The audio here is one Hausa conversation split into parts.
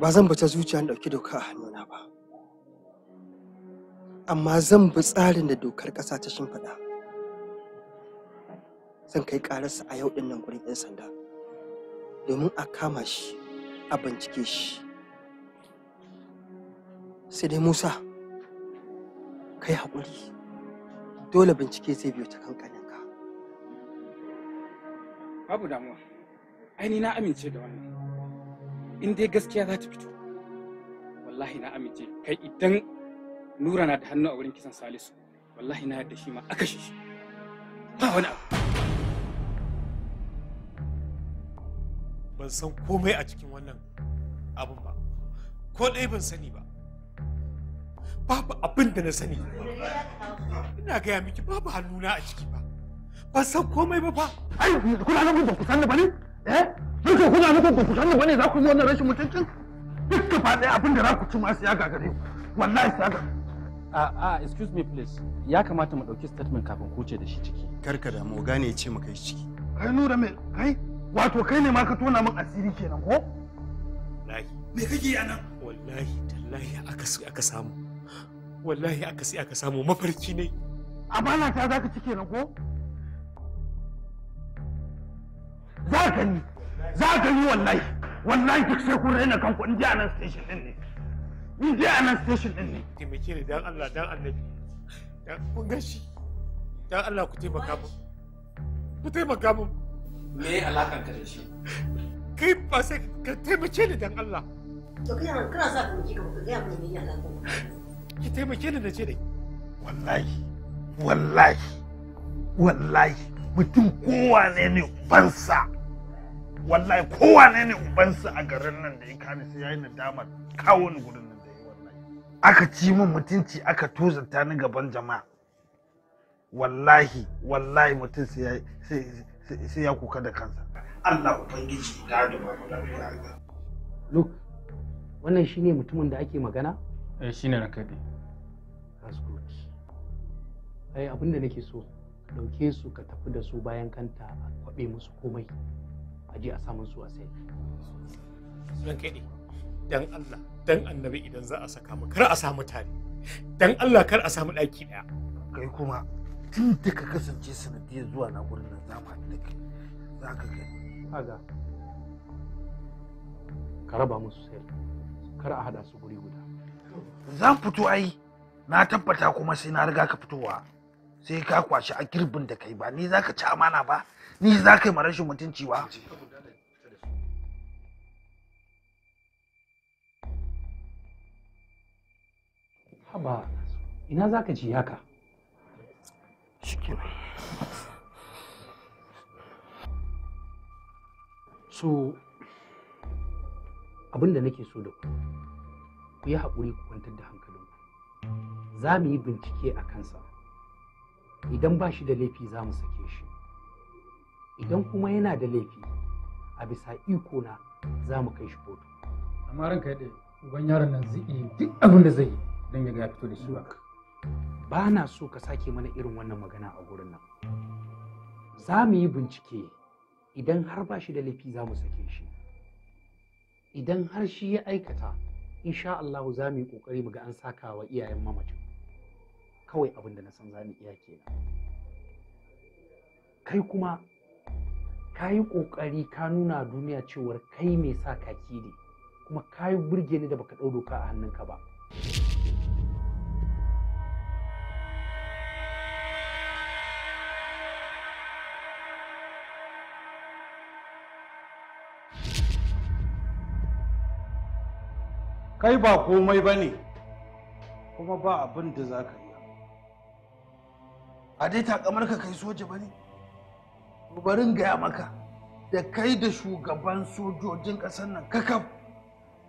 ba zan bata zuciya na ɗauki doka a hannuna ba amma zan bi tsarin da dokar ƙasa ta shimfiɗa zan kai ƙararsa a yau ɗin nan gurin 'yan sanda domin a kama shi a bincike shi sai dai musa kai haƙuri dole bincike zai biyo ta kankaninka babu damuwa aini na amince da wannan in dai gaskiya za ta fito wallahi na amince kai idan nura na da hannu a wurin kisan salisu wallahi na yadda shi ma aka shi ba wani abu ban san komai a cikin wannan abin ba ko ɗaya ban sani ba babu abin da na sani ina gaya miki babu hannuna a ciki ba ban san komai ba ba ai kuna nan da ku san ba ne eh Yake kuna nufin ku sani bane za ku yi wannan rashin mutuncin? Duk gaba ɗaya abin da za ku ci ma ya gagare ku. Wallahi sai ga. A a excuse me please. Ya kamata mu ɗauki statement kafin ku ce da shi ciki. Kar ka damu gane ya ce mu kai ciki. Kai nura mai kai wato kai ne ma ka tona min asiri kenan ko? Wallahi. Me kake yi anan? Wallahi tallahi aka aka samu. Wallahi aka sai aka samu mafarki ne. Amana ta za ka ci kenan ko? Za ka ni. za ka yi wallahi wallahi duk sai kun raina kanku in ji a nan station din ne in ji a nan station din ne taimake ni dan Allah dan annabi dan kun gashi dan Allah ku taimaka mu ku taimaka mu me alakan ka da shi kai ba sai ka taimake ni dan Allah to kai an kana sa ku ji ka ga ya mun ne alakan ki taimake ni da ce dai wallahi wallahi wallahi mutum kowa ne ne fansa wallahi kowa ne ne ubansa a garin nan da ya kani sai yayi nadama kawo ni gurin nan da yi wallahi aka ci min mutunci aka tozanta ni gaban jama'a wallahi wallahi mutum sai sai ya kuka da kansa Allah ubangiji da da ba lafiya Luke wannan shine mutumin da ake magana eh shine na dai that's good ai abinda nake so ka dauke su ka tafi da su bayan kanta a kwabe musu komai aje a samun su a sai ran kai dan Allah dan annabi idan za a saka mu kar a samu tare dan Allah kar a samu daki daya kai kuma tun da ka kasance sanadiyar zuwa na gurin nan za da kai za ka ga kaga ka raba musu sai kar a hada su guri guda zan fito ai na tabbata kuma sai na riga ka fitowa sai ka kwashi a girbin da kai ba ni za ka ci amana ba ni za ka yi rashin mutunci ba haba ina za ka ji haka shikenan so abin da nake so da ku ku yi haƙuri ku kwantar da hankalinku za mu yi bincike a kansa idan ba shi da laifi za mu sake shi idan kuma yana da laifi a bisa iko na za mu kai shi kotu amma ranka yadda uban yaron nan zai duk abin da zai yi dan yaga ya fito da shi ba ba na so ka sake mana irin wannan magana a gurin nan za mu yi bincike idan har ba shi da laifi za mu sake shi idan har shi ya aikata insha Allah za mu yi kokari mu ga an saka wa iyayen mamacin kawai abin da na san za mu iya kenan kai kuma ka yi kokari ka nuna duniya cewar kai mai sa kaki ne kuma ka yi burge ni da baka ɗau doka a hannunka ba kai ba komai ba ne kuma ba abin da za ka ba. a dai takamar ka kai soja ba ne barin gaya maka da kai da shugaban sojojin ƙasar nan kakaf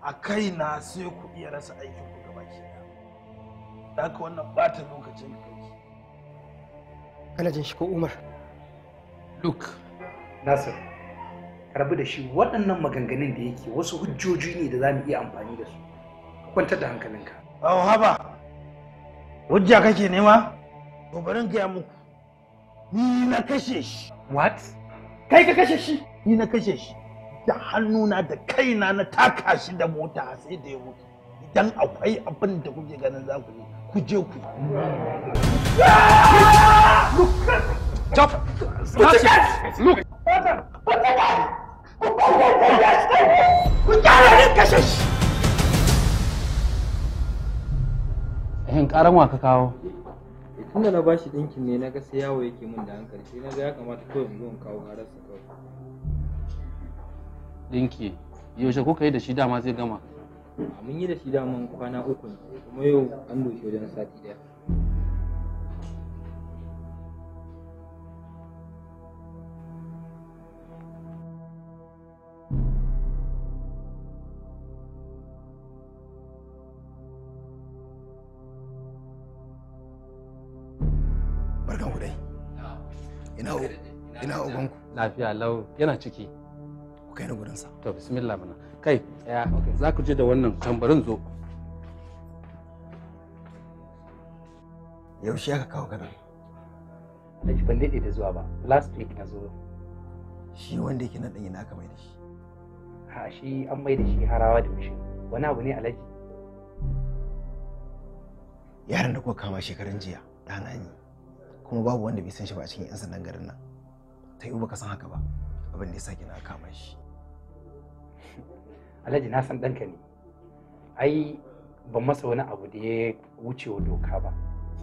a kai na sai ku iya rasa aikin ku gaba ke da ka wannan bata lokacin da kai kana jin shi ko umar luke nasir karbi da shi waɗannan maganganun da yake wasu hujjoji ne da za mu iya amfani da su kwantar da hankalinka awo haba hujja kake nema to bari gaya muku ni na kashe shi what kai ka kashe shi ni na kashe shi da hannuna da kaina na taka shi da mota sai da ya mutu idan akwai abin da kuke ganin za ku yi ku je ku Stop! Stop! Look! kashe shi! in karan wa ka kawo tun da na bashi ɗinkin ne na ga sai yawo yake min da hankali sai na ga ya kamata kawai in zo in kawo hararsa kawai ɗinki yaushe kuka yi da shi dama zai gama mun yi da shi daman kwana uku ne kuma yau an doke wajen sati daya lafiya lau yana ciki ku kai na gurin sa to bismillah mana kai tsaya za ku je da wannan tambarin zo yaushe aka kawo kana da ki ban daɗe da zuwa ba last week na zo shi wanda yake na ɗanyi na aka mai da shi ha shi an mai da shi harawa da mishi wani abu ne alaji yaran da kuka kama shekarun jiya ɗana ne kuma babu wanda bai san shi ba a cikin 'yan sandan garin nan ta yi baka san haka ba abin da ya sake na kama shi alhaji na san ɗanka ne ai ban masa wani abu da ya wuce wa doka ba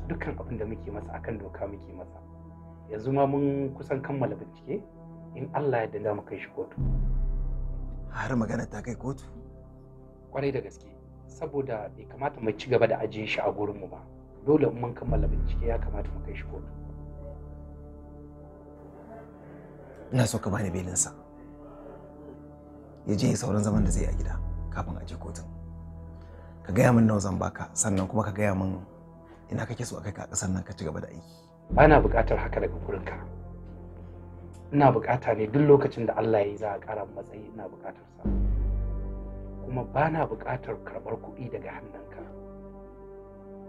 dukkan abin da muke masa akan doka muke masa yanzu ma mun kusan kammala bincike in allah ya danda mu kai shi kotu har magana ta kai kotu kwarai da gaske saboda bai kamata mu ci gaba da ajiye shi a gurinmu ba dole mun kammala bincike ya kamata mu kai shi kotu ina so ka bani belinsa ya je sauran zaman da zai a gida kafin a je kotun ka gaya min nawa zan baka sannan kuma ka gaya min ina kake so a kai ka ƙasar nan ka ci gaba da aiki na buƙatar haka daga gurinka ina buƙata ne duk lokacin da Allah ya yi za a ƙara matsayi ina buƙatar sa kuma ba na bukatar karbar kuɗi daga hannunka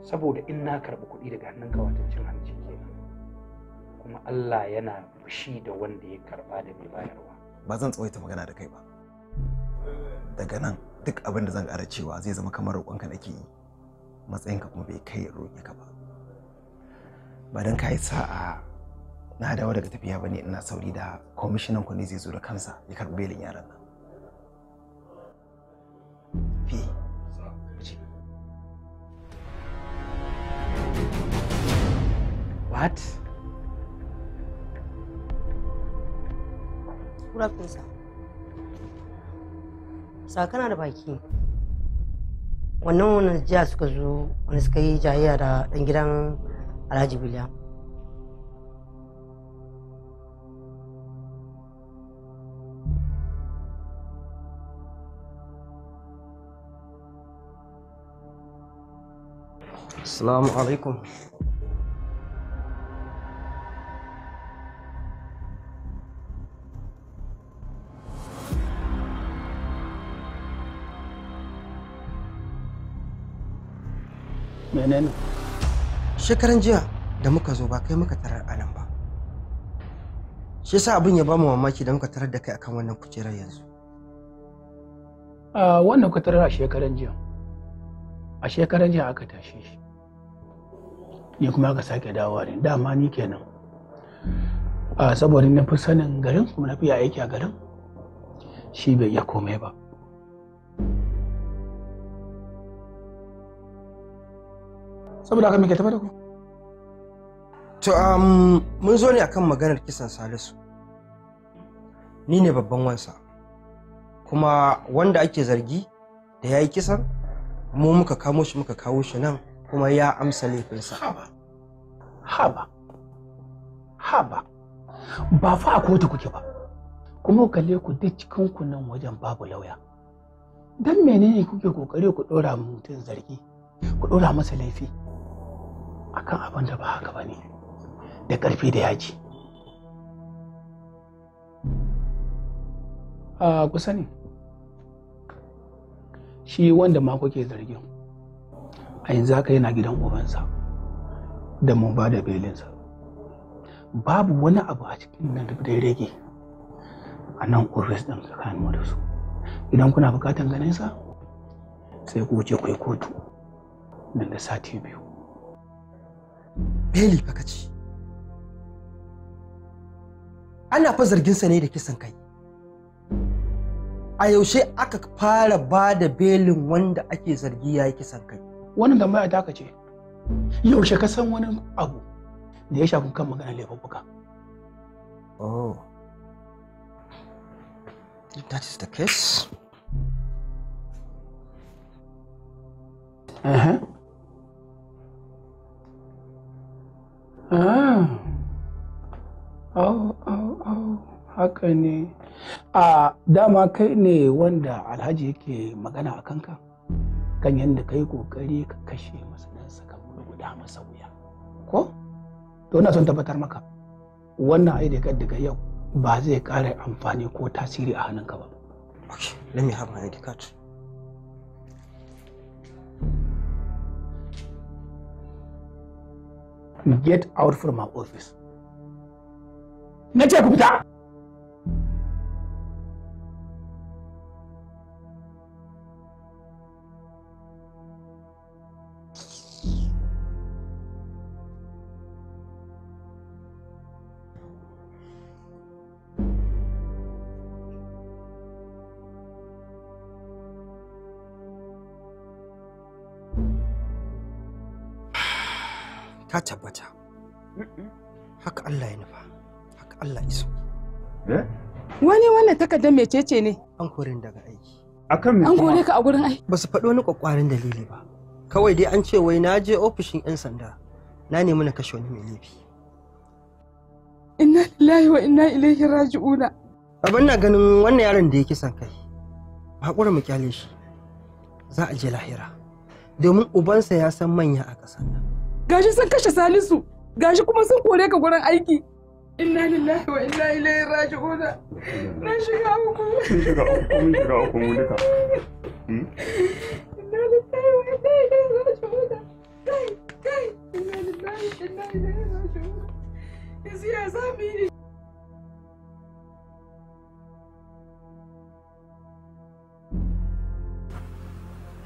saboda in na karbi kuɗi daga hannunka wata cin hanci kuma Allah yana fushi da wanda ya karba da mai bayarwa ba zan tsawaita magana da kai ba daga nan duk abin da zan ƙara cewa zai zama kamar roƙonka nake yi matsayinka kuma bai kai roƙe ka ba ba don ka yi sa'a na dawo daga tafiya ba ne ina sauri da kwamishinan ku ne zai zo da kansa ya karɓi belin yaran nan fi What? tura kunsa sakana da baki wannan wani jiya suka zo wani suka yi jayayya da ɗan gidan alhaji biliya Assalamu alaikum. menene shekaran jiya da muka zo ba kai muka tarar alam ba shi yasa abin ya ba mu mamaki da muka tarar da kai akan wannan kujerar yanzu a wannan kuka tarar a shekaran jiya a shekaran jiya aka tashe shi ni kuma aka sake dawowa ne dama ni kenan a saboda na fi sanin garin kuma na fi aiki a garin shi bai iya komai ba saboda haka muke tafi da ku to um, mun zo ne akan maganar kisan salisu ni ne babban wansa kuma wanda ake zargi da ya yi kisan mu muka kamo shi muka kawo shi nan kuma ya amsa laifinsa haba haba haba ba fa a kotu kuke ba kuma kalle ku duk cikin ku nan wajen babu lauya dan menene kuke kokari ku dora mutum zargi ku dora masa laifi akan abin da ba haka ba ne da ƙarfi da yaki a kusa ne shi wanda ma kuke zargin a yanzu haka yana gidan ubansa da mun ba da belinsa babu wani abu a cikin nan da ya rage a nan ofis ɗin tsakanin da su idan kuna bukatan ganin sa sai ku wuce ku kotu nan da sati biyu beli ka kaci ana fa zarginsa ne da kisan kai a yaushe aka fara ba da belin wanda ake zargi ya yi kisan kai wannan da mai ta ce yaushe ka san wani abu da ya shafi kan magana buka oh if that is the case uh -huh. Ah. Haka ne. A dama kai ne wanda alhaji yake magana a kanka kan yadda ka yi ƙoƙari ka kashe masa ɗansa ka guda masa wuya. Ko? To, ina son tabbatar maka. Wannan ai da daga yau ba zai ƙara amfani ko tasiri a hannunka ba. Okay, let me have my get out from my office na ce ku fita Allah iso. Wani wannan takardar mecece ne? An korin daga aiki. Akan An kore ka a gurin aiki. Ba su faɗi wani kwakwarin dalili ba. Kawai dai an ce wai na je ofishin 'yan sanda na nemi na kashe wani mai laifi. Inna lillahi wa inna ilaihi raji'una. Abin na ganin wannan yaron da ya kisan kai. Hakura mu kyale shi. Za a je lahira. Domin ubansa ya san manya a ƙasar nan. Gashi sun kashe Salisu. Gashi kuma sun kore ka gurin aiki. inna lillahi wa inna ilaihi raji'un na shiga uku mun shiga uku mun shiga uku mu duka hmm? inna lillahi wa inna ilaihi raji'un kai kai inna lillahi wa inna ilaihi raji'un yanzu ya zami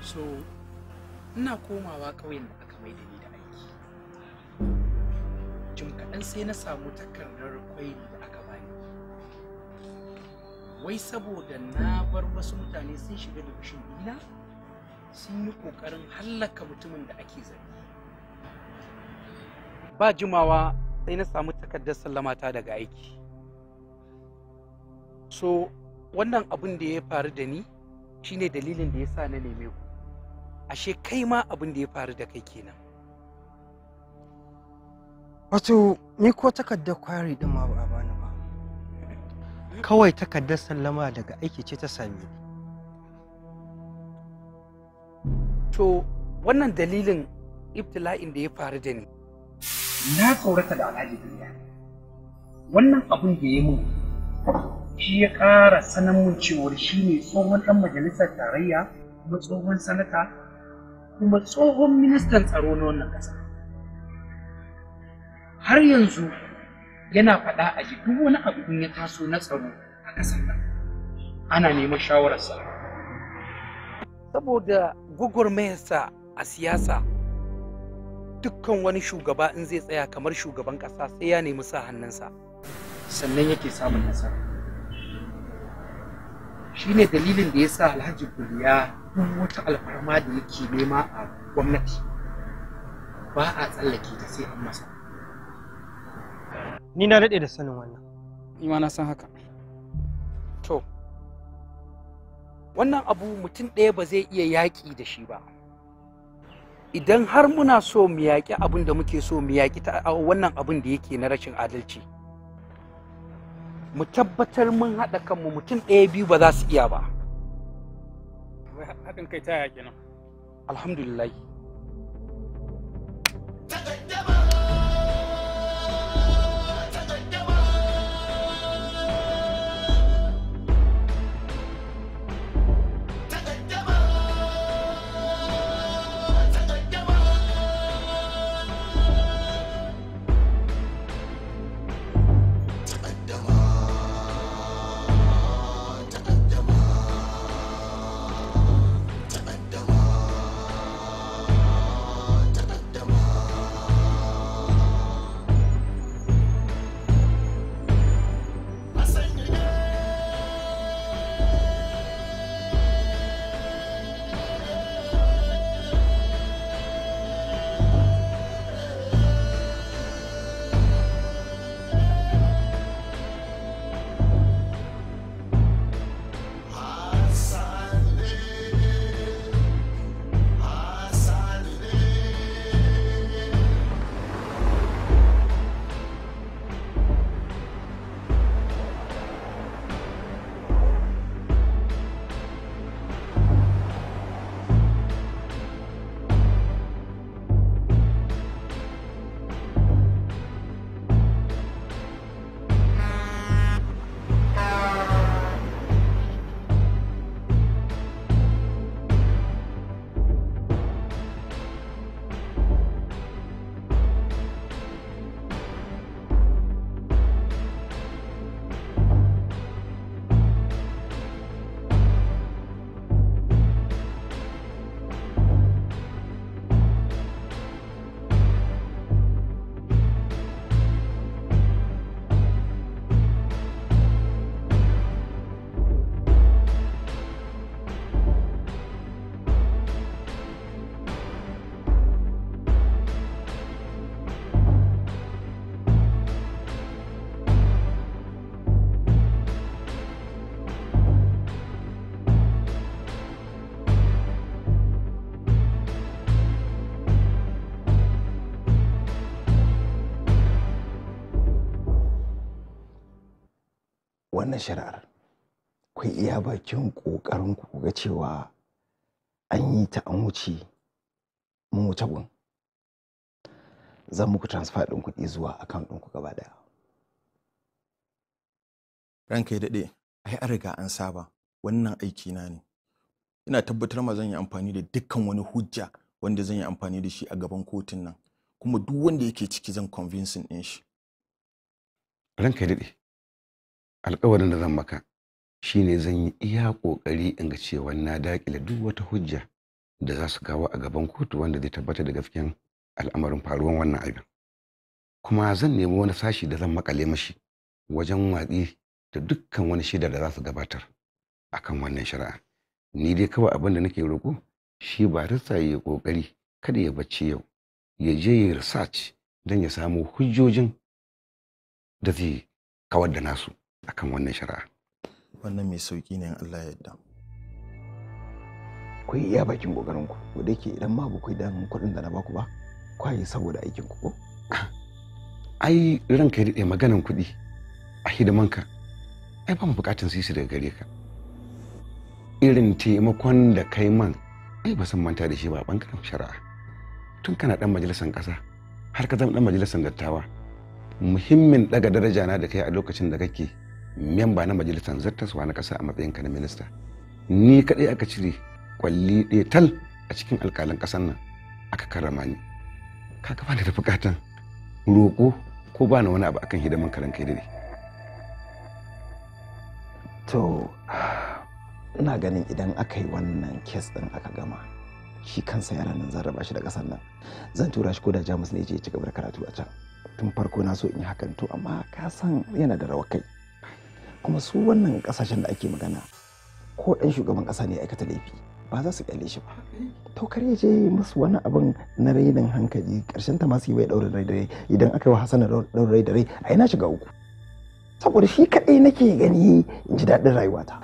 so ina komawa ƙauyen da aka mai da ni da nan sai na samu takardar kwairi da aka bani wai saboda na bar wasu mutane sun shiga da bishin dina sun yi ƙoƙarin hallaka mutumin da ake zargi ba jimawa sai na samu takardar sallamata daga aiki so wannan abin da ya faru da ni shine dalilin da ya sa na neme ku ashe kai ma abin da ya faru da kai kenan Wato, ni ko takardar kwari din ma ba bani ba. Kawai takardar sallama daga aiki ce ta same To, wannan dalilin ibtila'in da ya faru da ni. Na tsorata da alhaji duniya. Wannan abin da ya mun shi ya ƙara sanan mun cewar shi ne tsohon ɗan majalisar tarayya kuma tsohon sanata kuma tsohon ministan tsaro na wannan ƙasa. har yanzu yana faɗa a ji duk wani abu in ya taso na tsaro a ƙasar nan ana neman shawararsa saboda gugurmayarsa a siyasa dukkan wani shugaba in zai tsaya kamar shugaban ƙasa sai ya nemi sa hannunsa sannan yake samun nasara shine dalilin da ya sa alhaji kuliya duk wata alfarma da yake nema a gwamnati ba a tsallake ta sai an masa Ni na daɗe da sanin wannan. Ni ma na san haka. To, wannan abu mutum ɗaya ba zai iya yaƙi da shi ba. Idan har muna so mu yaƙi abin da muke so mu yaƙi ta wannan abin da yake na rashin adalci. Mu tabbatar mun haɗa kanmu mutum ɗaya biyu ba za su iya ba. Haɗin kai ta yaƙi nan. Alhamdulillah. wannan shari'ar ku iya bakin ƙoƙarin ku ga cewa an yi ta an wuce mun wuce gun zan muku transfer ɗin kuɗi zuwa account ku gaba ɗaya. ranka ya daɗe ai an riga an saba wannan aiki na ne ina tabbatar ma zan yi amfani da dukkan wani hujja wanda zan yi amfani da shi a gaban kotun nan kuma duk wanda yake ciki zan convincing ɗin shi ranka ya daɗe alkawarin da zan maka shine zan yi iya kokari in ga cewa na dakile duk wata hujja da za su kawo a gaban kotu wanda zai tabbatar da gaskiyan al'amarin faruwan wannan abin kuma zan nemi wani sashi da zan makale mashi wajen watsi da dukkan wani shida da za su gabatar akan wannan shari'a ni dai kawai abin da nake roƙo shi ba rasa ya kokari kada ya bacci yau ya je ya research don ya samu hujjojin da zai kawar da nasu akan wannan shari'a wannan mai sauki ne Allah ya yarda ku iya bakin kokarin ku ko da ke idan ma ba ku damun kuɗin da na baku ba kwaye saboda aikin ku ko ai ranka da maganan kuɗi a ka ai ban bukatun su daga gare ka irin taimakon da kai man ai ba san manta da shi ba bangaren shari'a tun kana dan majalisar ƙasa har ka zama dan majalisar dattawa muhimmin daga daraja na da kai a lokacin da kake memba na majalisar zartaswa na kasa a matsayinka na minista ni kaɗai aka cire kwalli ɗaya tal a cikin alƙalan ƙasar nan aka karrama ni ka ni da buƙatan roƙo ko ba na wani abu akan hidiman karan kai dare to ina ganin idan aka yi wannan kes ɗin aka gama shi kansa yaran nan zan raba shi da ƙasar nan zan tura shi ko da jamus ne ya je ya ci gaba da karatu a can tun farko na so in yi hakan to amma ka san yana da rawa kai kuma su wannan kasashen da ake magana ko ɗan shugaban ƙasa ne aikata laifi ba za su kyale shi ba to kar ya je musu wani abin na rainin hankali ƙarshen ta masu yi wai ɗaurin rai da rai idan aka yi wa hasana ɗaurin rai da rai a ina shiga uku saboda shi kaɗai nake gani in ji daɗin rayuwata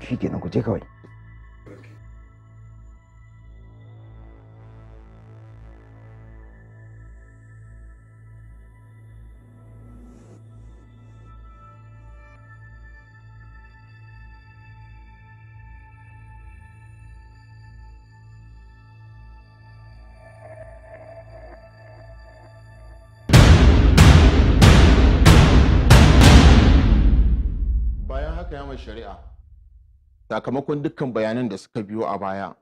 shi ke ku je kawai mai shari'a sakamakon dukkan bayanan da suka biyo a baya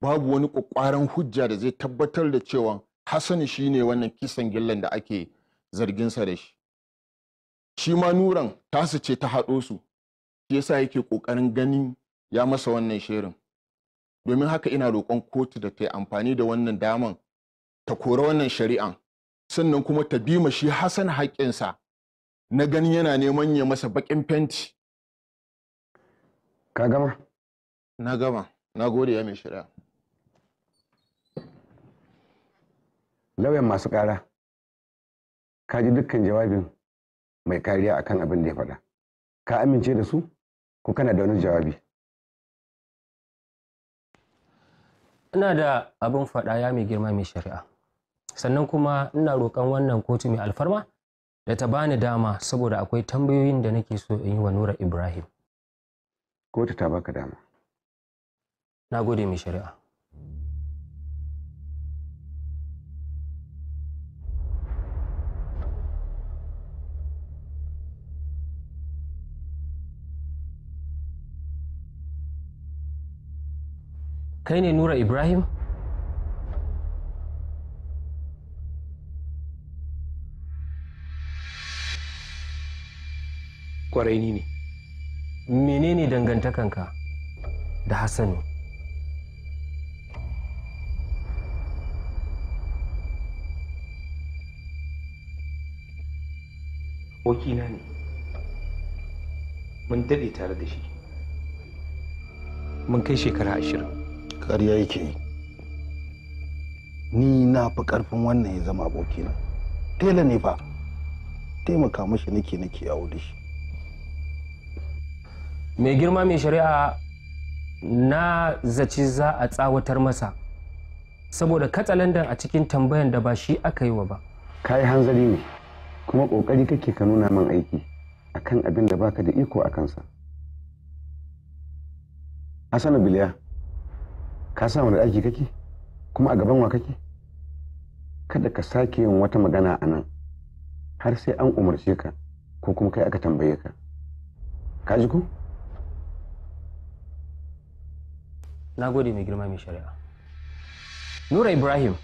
babu wani ƙwaƙwaran hujja da zai tabbatar da cewa Hassan shi ne wannan kisan gillan da ake zarginsa da shi shi ma nuran tasu ce ta haɗo su shi yasa yake ƙoƙarin ganin ya masa wannan shirin domin haka ina roƙon kotu da ta yi amfani da wannan daman ta kora wannan shari'an sannan kuma ta bi ma shi Hassan haƙƙinsa na ganin yana neman ya masa baƙin fenti Ka gama? Na gama. Na gode ya mai shari'a. Lauyan masu ƙara, ka ji dukkan jawabin mai kariya akan abin da ya faɗa. Ka amince da su ko kana da wani jawabi? Ina da abin faɗa ya mai girma mai shari'a. Sannan kuma ina roƙon wannan kotu mai alfarma da ta bani dama saboda akwai tambayoyin da nake so in yi wa Nura Ibrahim. kotu ta baka dama na gode mai shari'a kai ne nura ibrahim kwarai ni ne menene dangantakanka da hassanu wakina ne mun daɗe tare da shi mun kai shekara ashirin ƙarya yake ni na fi ƙarfin wannan ya zama abokina tela ne fa taimaka mashi nake nake yawo da shi mai girma mai shari'a na zaci za a tsawatar masa saboda katsalandan a cikin tambayan da ba shi aka yi wa ba ka yi hanzari ne kuma ƙoƙari kake ka nuna min aiki akan abin da baka da iko a kansa hasana biliya ka sa wani aiki kake kuma a gaban wa kake kada ka sake yin wata magana a nan har sai an umarce ka ko kuma kai aka tambaye ka ka ji ko na gode mai girma mai shari'a nura ibrahim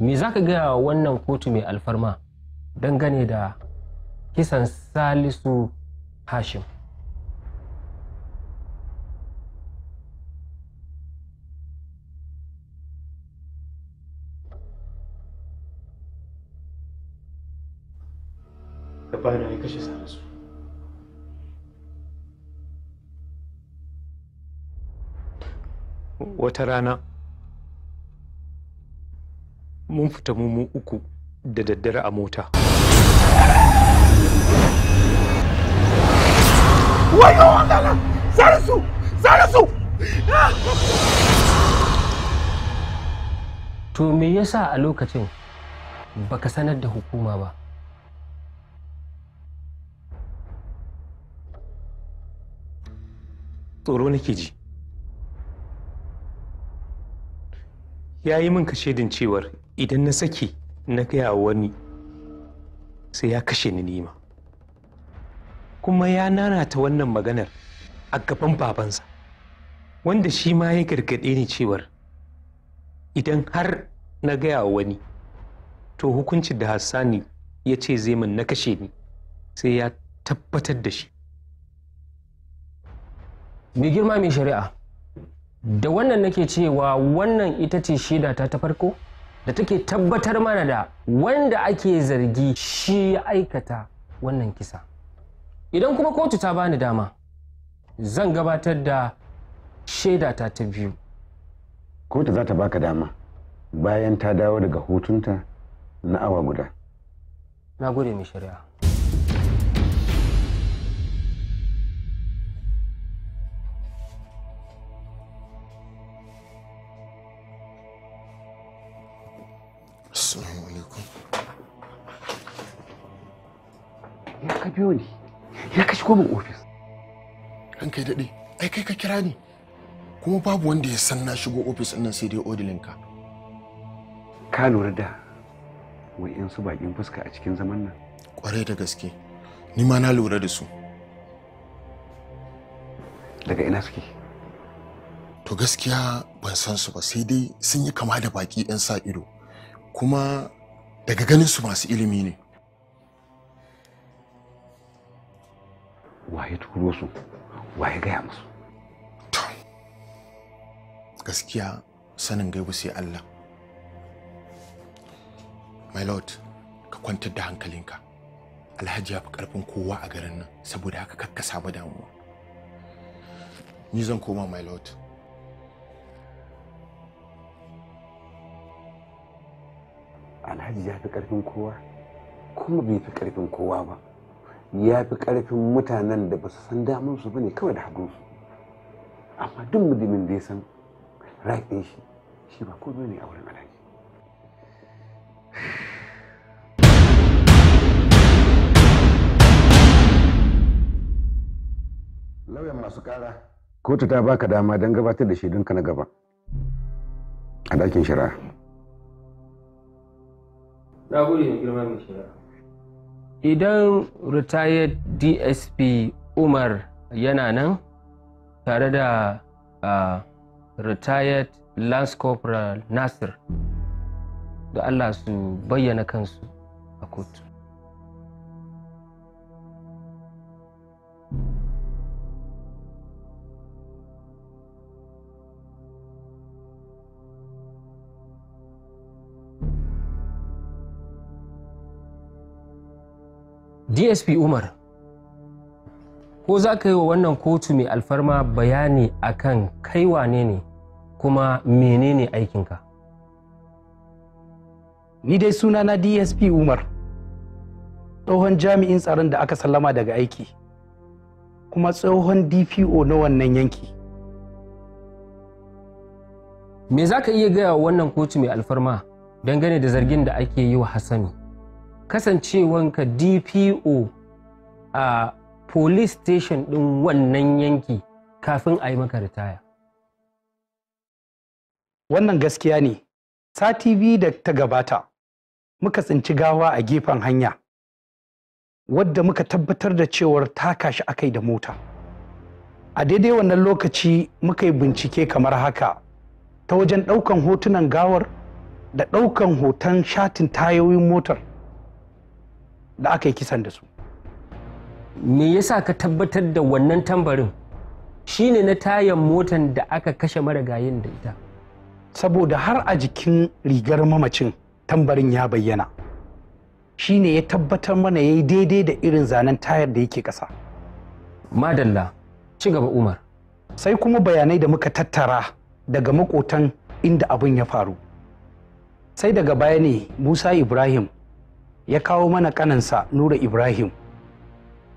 me za ka gaya wa wannan kotu mai alfarma dangane da kisan salisu hashim wata rana mun fita mu uku da daddare a mota ah! to me yasa a lokacin baka sanar da hukuma ba tsoro nake ji ya yi min kashedin cewar idan na saki na gaya wani sai ya kashe ni nima kuma ya nanata wannan maganar a gaban babansa wanda shi ma ya gargaɗe ni cewar idan har na gaya wani to hukuncin da hassani ya ce zai min na kashe ni sai ya tabbatar da shi. Mai girma mai shari'a, da wannan nake cewa wannan ita ce shaida ta ta farko da take tabbatar mana da wanda ake zargi shi ya aikata wannan kisa idan kuma kotu ta bani dama zan gabatar da shaida ta ta biyu kotu za ta baka dama bayan ta dawo daga hutunta na awa guda na gode mai shari'a ka biyo ni ya ka shigo min ofis ranka daɗe ai kai ka kira ni kuma babu wanda ya san na shigo ofis ɗin nan sai dai odilinka ka lura da wa'yansu bakin fuska a cikin zaman nan kwarai da gaske ni ma na lura da su daga ina suke to gaskiya ban san su ba sai dai sun yi kama da baki 'yan sa ido kuma daga ganin su masu ilimi ne waye turo su waye gaya musu gaskiya sanin gaibu sai Allah my lord ka kwantar da hankalinka alhaji ya fi karfin kowa a garin nan saboda haka kakka samu damuwa ni zan koma my lord alhaji ya fi karfin kowa kuma bai fi karfin kowa ba ya fi ƙarfin mutanen da ba su san damansu ba ne kawai da hagunsu amma duk mutumin da ya san raƙin shi shi ba komai ne a wurin alaji lauyan masu kara kotu ta baka dama don gabatar da shaidunka na gaba a ɗakin shari'a na gode girma mai shari'a idan retired dsp umar yana nan tare da uh, retired lance corporal nasir da allah su bayyana kansu a kotu dsp umar ko za ka yi wa wannan kotu mai alfarma bayani akan kai wane ne kuma menene aikinka ni dai suna na dsp umar tsohon jami'in tsaron da aka sallama daga aiki kuma tsohon dpo na wannan yanki me za ka iya gaya wa wannan kotu mai alfarma dangane da zargin da ake yi wa hassani kasancewanka dpo a police station ɗin wannan yanki kafin a yi maka ritaya wannan gaskiya ne sati biyu da ta gabata muka tsinci gawa a gefen hanya wadda muka tabbatar da cewar taka shi akai da mota a daidai wannan lokaci muka yi bincike kamar haka ta wajen ɗaukan hotunan gawar da ɗaukan hoton shatin tayoyin motar da aka yi kisan da su me yasa ka tabbatar da wannan tambarin Shi ne na tayan motan da aka kashe marigayin da ita saboda har a jikin rigar mamacin tambarin ya bayyana Shi ne ya tabbatar mana ya yi daidai da irin zanen tayar da yake ƙasa madalla ci gaba umar sai kuma bayanai da muka tattara daga makotan inda abin ya faru sai daga baya ne musa ibrahim ya kawo mana kanansa nura ibrahim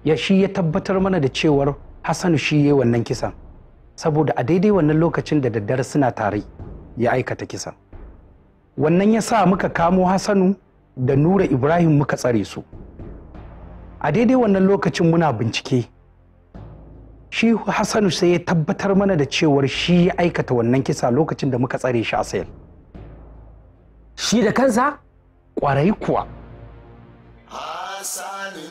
ya shi ya tabbatar mana da cewar hassanu shi ya wannan kisan saboda a daidai wannan lokacin da daddare suna tare ya aikata kisan wannan ya sa muka kamo hassanu da nura ibrahim muka tsare su a daidai wannan lokacin muna bincike shi hassanu sai ya tabbatar mana da cewar shi ya aikata wannan kisa lokacin da muka tsare shi a sayar shi da kansa kwarai kuwa sani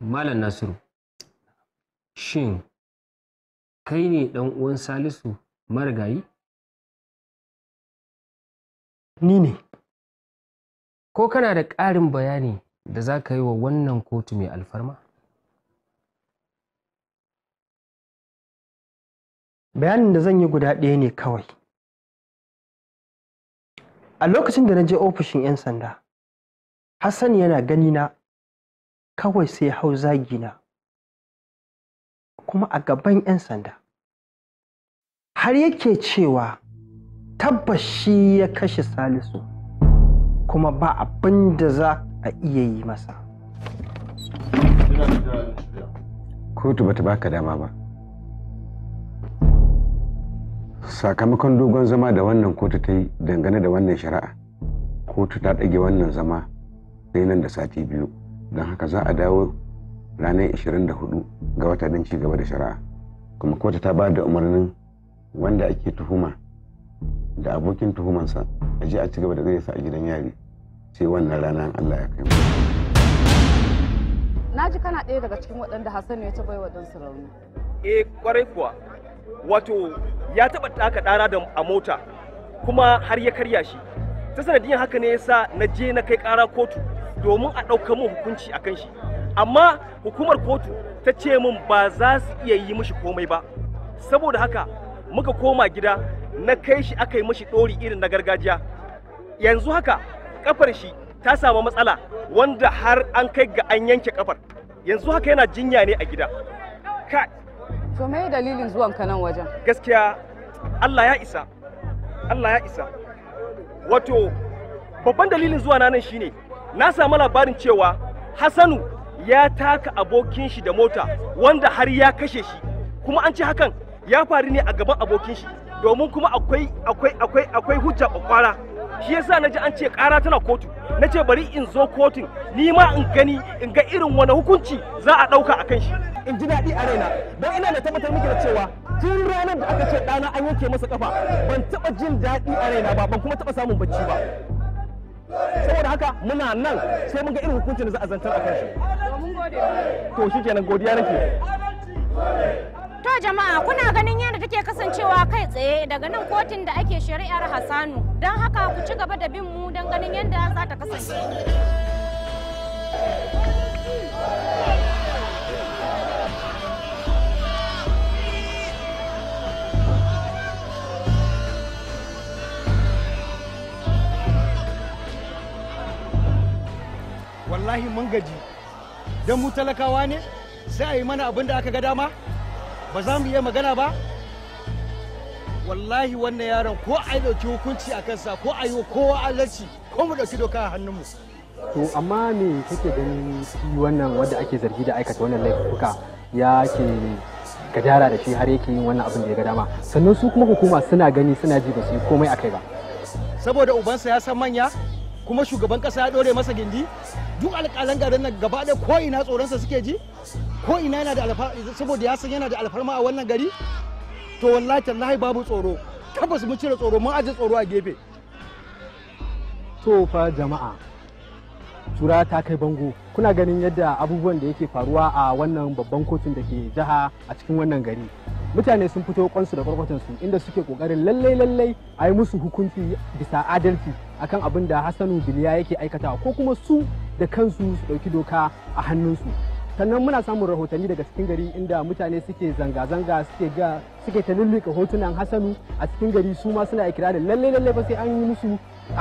Malam Nasiru, shin kai ne ɗan uwan Salisu marigayi? Ni ne. Ko kana da ƙarin bayani da za ka yi wa wannan kotu mai alfarma? bayanin da zan yi guda ɗaya ne kawai a lokacin da na je ofishin 'yan sanda hassan yana ganina kawai sai hau zagina kuma a gaban 'yan sanda har yake cewa tabbas shi ya kashe salisu kuma ba abin da za a iya yi masa kotu bata baka dama ba sakamakon dogon zama da wannan kotu ta yi dangane da wannan shari'a kotu ta ɗage wannan zama sai nan da sati biyu don haka za a dawo ranar 24 ga wata don gaba da shari'a kuma kotu ta ba da umarnin wanda ake tuhuma da abokin tuhumansa a je a ci gaba da zai sa a gidan yari sai wannan rana Allah ya kai mu na ji kana ɗaya daga cikin waɗanda Hassan ya taɓa yi wa ɗansu rauni eh kwarai kuwa wato ya taɓa taka ɗana da a mota kuma har ya karya shi ta haka ne yasa na je na kai ƙara kotu domin a ɗauka mun hukunci a kan shi amma hukumar kotu ta ce min ba za su iya yi mishi komai ba saboda haka muka koma gida na kai shi aka yi mishi ɗori irin na gargajiya yanzu haka ƙafar shi ta samu matsala wanda har an kai ga an yanke ƙafar. yanzu haka yana jinya ne a gida To me dalilin zuwan ka nan wajen? Gaskiya Allah ya isa. Allah ya isa. Wato babban dalilin zuwa nan shine na samu labarin cewa hasanu ya taka abokin shi da mota wanda har ya kashe shi kuma an ce hakan ya faru ne a gaban abokin shi domin kuma akwai akwai akwai akwai hujja kwakwara shi yasa na ji an ce ƙara tana kotu na ce bari in zo kotun ni ma in gani in ga irin wani hukunci za a ɗauka a kan shi in ji daɗi a raina don ina da tabbatar miki da cewa tun ranar da aka ce ɗana an yanke masa kafa ban taɓa jin daɗi a raina ba ban kuma taɓa samun bacci ba saboda haka muna nan sai mun ga irin hukuncin da za a zantar a kan shi to shikenan godiya nake To jama'a kuna ganin yadda take kasancewa kai tsaye daga nan kotun da ake shari'ar Hassanu don haka ku ci gaba da bin mu don ganin yadda za ta kasance. Wallahi mun gaji, don mu talakawa ne, sai a yi mana abin da aka ga dama? ba za mu iya magana ba wallahi wannan yaron ko a dauki hukunci a kansa ko a yi kowa alarci ko mu dauki doka a hannunmu to amma me kake ganin shi wannan wanda ake zargi da aikata wannan laifuka ya ke gadara da shi har yake yin wannan abin da ya ga dama sannan su kuma hukuma suna gani suna ji ba su yi komai akai ba saboda ubansa ya san manya kuma shugaban kasa ya dore masa gindi duk alƙalan garin nan gaba da ko ina tsoronsa suke ji ko ina yana da alfarma saboda ya san yana da alfarma a wannan gari to wallahi tallahi babu tsoro tabbas mun cire tsoro mun aje tsoro a gefe to fa jama'a tura ta kai bango kuna ganin yadda abubuwan da yake faruwa a wannan babban kotun da ke jiha a cikin wannan gari mutane sun fito kwansu da kwarkwatansu inda suke kokarin lallai lallai a yi musu hukunci bisa adalci akan abin da hassanu biliya yake aikatawa ko kuma su da kansu su ɗauki doka a hannunsu sannan muna samun rahotanni daga cikin gari inda mutane suke zanga-zanga suke ga suke ta lullika hotunan hasanu a cikin gari su ma suna ikirarin lalle lalle ba sai an yi musu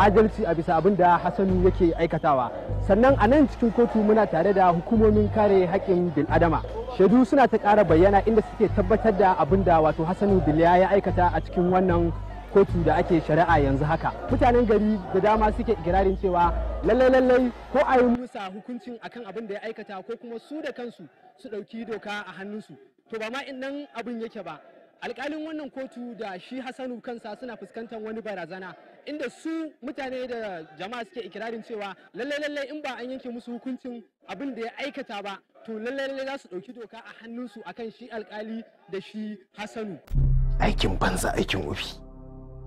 adalci a bisa abin da hasanu yake aikatawa sannan a nan cikin kotu muna tare da hukumomin kare haƙƙin bil adama shaidu suna ta ƙara bayyana inda suke tabbatar da abin da wato hasanu bil ya aikata a cikin wannan kotu da ake shari'a yanzu haka mutanen gari da dama suke ikirarin cewa lallai lallai ko a yi musa hukuncin akan abin da ya aikata ko kuma su da kansu su ɗauki doka a hannunsu to ba ma in nan abin yake ba alkalin wannan kotu da shi hasanu kansa suna fuskantar wani barazana inda su mutane da jama'a suke ikirarin cewa lallai lallai in ba an yanke musu hukuncin abin da ya aikata ba to lallai lallai za su ɗauki doka a hannunsu akan shi alkali da shi hasanu aikin banza aikin ofi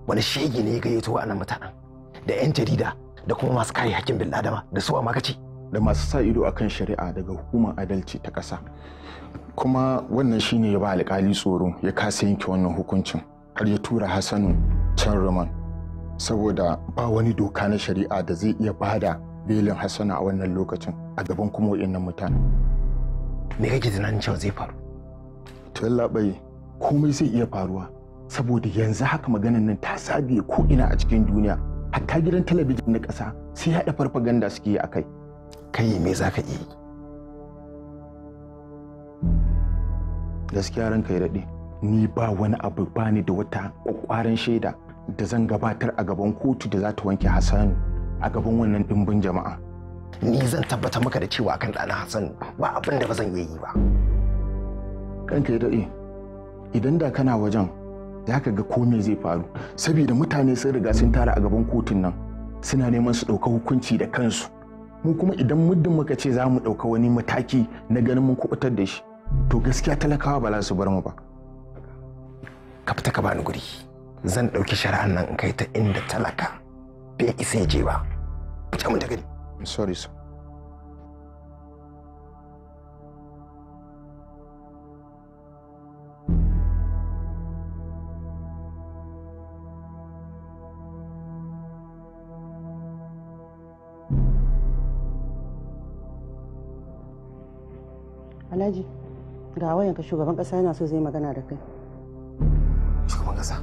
wani shege ne ya gayyato wa'annan mutanen da 'yan jarida da kuma masu kare hakkin bil'adama da su ma kace da masu sa ido akan shari'a daga hukumar adalci ta ƙasa kuma wannan shine ya ba alƙali tsoro ya kasa yanke wannan hukuncin har ya tura Hassanu can Roman saboda ba wani doka na shari'a da zai iya bada belin Hassanu a wannan lokacin a gaban kuma wa'annan mutane me kake tunanin cewa zai faru to labai komai zai iya faruwa saboda yanzu haka maganan nan ta zagaye ko'ina a cikin duniya hatta gidan talabijin na ƙasa sai haɗa farfaganda suke yi a kai kai me za ka iya gaskiya ranka ya daɗe ni ba wani abu ba ni da wata ƙwaƙwaran shaida da zan gabatar a gaban kotu da za ta wanke hassanu a gaban wannan ɗimbin jama'a ni zan tabbatar maka da cewa akan ɗana hassan ba abin da ba zan iya yi ba ranka ya daɗe idan da kana wajen za ka ga komai zai faru saboda mutane sun riga sun tara a gaban kotun nan suna neman su ɗauka hukunci da kansu mu kuma idan muddin muka ce za mu ɗauka wani mataki na ganin mun kubutar da shi to gaskiya talakawa ba za su bar mu ba ka fita ka bani guri zan ɗauki shari'an nan in kai ta inda talaka bai isa ya je ba fita mun ta gari sorry sir ga ka shugaban kasa yana so zai magana da kai shugaban kasa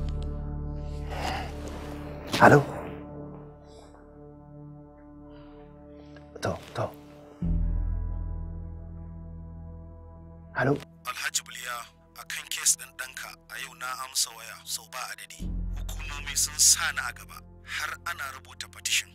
halo to to halo alhaji buliya akan kes din ɗanka a yau na amsa waya sau ba adadi hukumomi sun sa ni a gaba har ana rubuta petition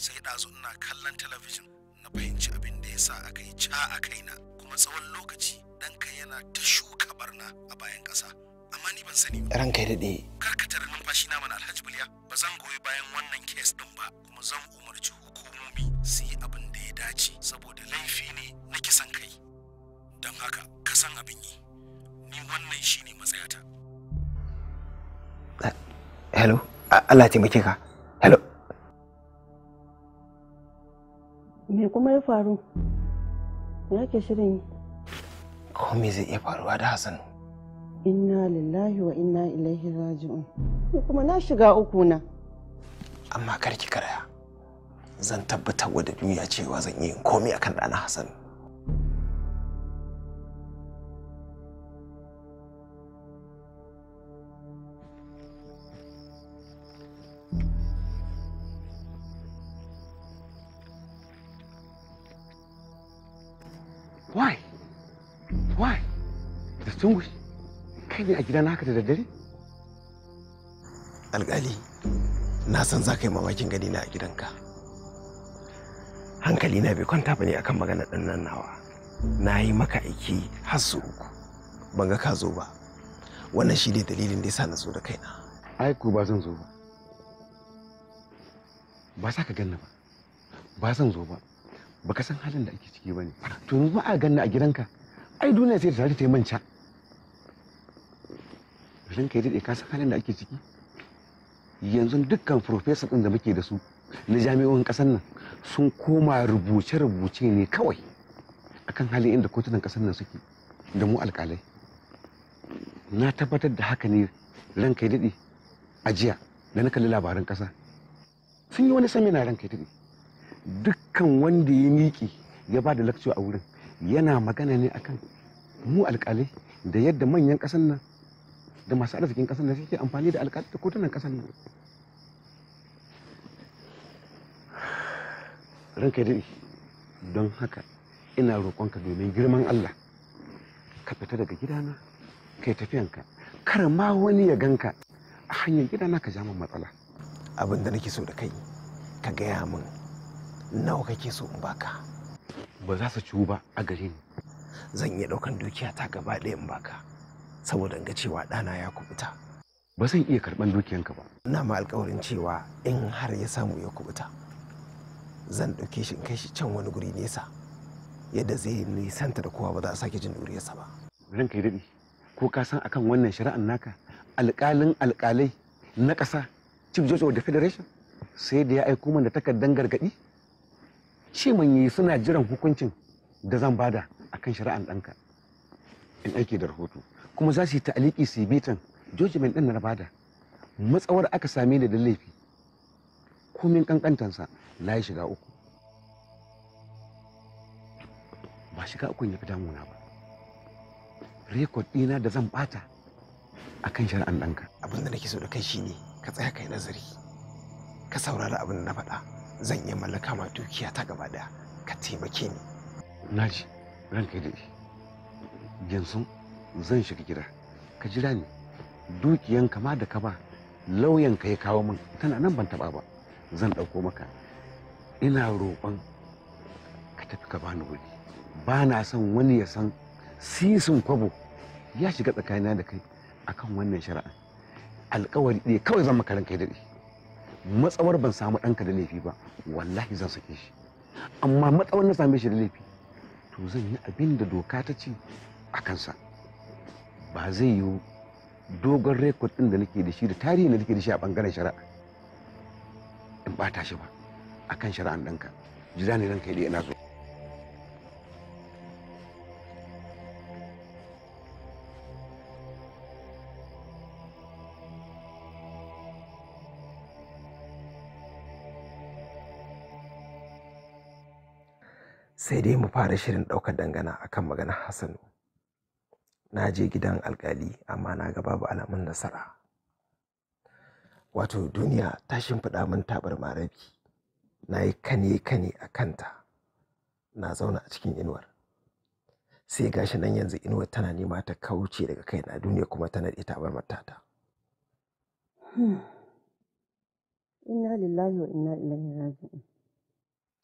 sai ɗazu ina kallon talabijin na fahimci abin da ya sa aka yi ca a kaina kuma tsawon lokaci ɗanka yana ta shuka barna a bayan ƙasa amma ni ban sani ba ranka ya daɗe karkatar numfashi na mana alhaji buliya ba zan goyi bayan wannan kes ɗin ba kuma zan umarci hukumomi su yi abin da ya dace saboda laifi ne na kisan kai don haka ka san abin yi ni wannan shine matsayata ah, hello ah, Allah taimake ka hello me kuma ya faru me yake shirin komai zai iya faruwa da Hassan inna lillahi wa inna ilaihi raji'un ni kuma na shiga uku na amma kar ki karaya zan tabbatar wa da duniya cewa zan yi komai akan ɗana Hassan Sun kai ne a gida haka da daddare? Alƙali, na san za ka yi mamakin gani na a gidanka. Hankali na bai kwanta ba ne akan magana ɗan nan nawa. Na yi maka aiki har su uku. Ban ga ka zo ba. Wannan shi ne dalilin da ya sa na zo da kaina. Ai ko ba zan zo ba. Ba sa ka ganna ba. Ba zan zo ba. Baka san halin da ake ciki ba ne. To yanzu ba a ganna a gidanka. Ai duniya sai ta tare ta yi manca. ranka ya daɗe kasan halin da ake ciki yanzu dukkan professor ɗin da muke da su na jami'o'in ƙasar nan sun koma rubuce-rubuce ne kawai akan halin inda kotunan ƙasar nan suke da mu alƙalai na tabbatar da haka ne ran kai daɗe a jiya da na kalli labaran ƙasa sun yi wani samina ran kai daɗe dukkan wanda ya miƙe ya ba da lakciyo a wurin yana magana ne akan mu alƙalai da yadda manyan ƙasar nan da masu arzikin ƙasar da ke amfani da alƙalai da kotunan ƙasar nan ranka dai don haka ina roƙonka domin girman Allah ka fita daga gidana kai tafiyanka kar ma wani ya ganka a hanyar gidana ka ja matsala abin da nake so da kai ka gaya min nawa kake so in baka ba za su ciwu ba a gare ni zan iya ɗaukan dukiya ta gaba ɗaya in baka saboda ga cewa ɗana ya kubuta ba zan iya karɓan dukiyanka ba ina ma alƙawarin cewa in har ya samu ya kubuta zan ɗauke shi kai shi can wani guri nesa yadda zai nisanta da kowa ba za a sake jin ɗuriyarsa ba Ran kai daɗi ko ka san akan wannan shari'an naka alƙalin alƙalai na ƙasa chief judge of the federation sai da ya aiko mana takardar gargaɗi man yi suna jiran hukuncin da zan bada akan shari'an ɗanka in aiki da rahoto kuma za su yi ta'aliki su yi bitan judgment ɗanar na bada matsawar aka same ni da laifi komin kankantansa na ya shiga uku ba shiga ukun ya fi damuna ba rekod ɗina da zan bata a kan shari'an ɗanka abin da nake so da kai ne ka tsaya ka yi nazari ka saurari abin da na faɗa zan iya mallaka ma dukiya ta gaba da ka taimake ni na ji ranka da yanzu zan shiga gida ka jira ni dukiyan kama da kama lauyan ka ya kawo min tana nan ban taba ba zan ɗauko maka ina roƙon ka tafi ka bani wuri ba na son wani ya san sisin kwabo ya shiga tsakanina da kai akan wannan shari'a alkawari ɗaya kawai zan maka ranka daɗe matsawar ban samu ɗanka da laifi ba wallahi zan sake shi amma matsawar na same shi da laifi to zan yi abin da doka ta ce a kansa ba zai yiwu dogon rekod ɗin da nake da shi da tarihin da nake da shi a ɓangaren shari'a in ɓata shi ba a kan shari'an ɗanka jira ne ranka yi ina so sai dai mu fara shirin ɗaukar dangana akan maganar Hassanu. na je gidan alkali amma na ga babu alamun nasara wato duniya ta shimfiɗa min tabar marabi na yi kane kane a kanta na zauna a cikin inuwar sai gashi nan yanzu inuwar tana nema ta kauce daga kaina duniya kuma tana da tabar matata hmm. inna lillahi wa inna ilaihi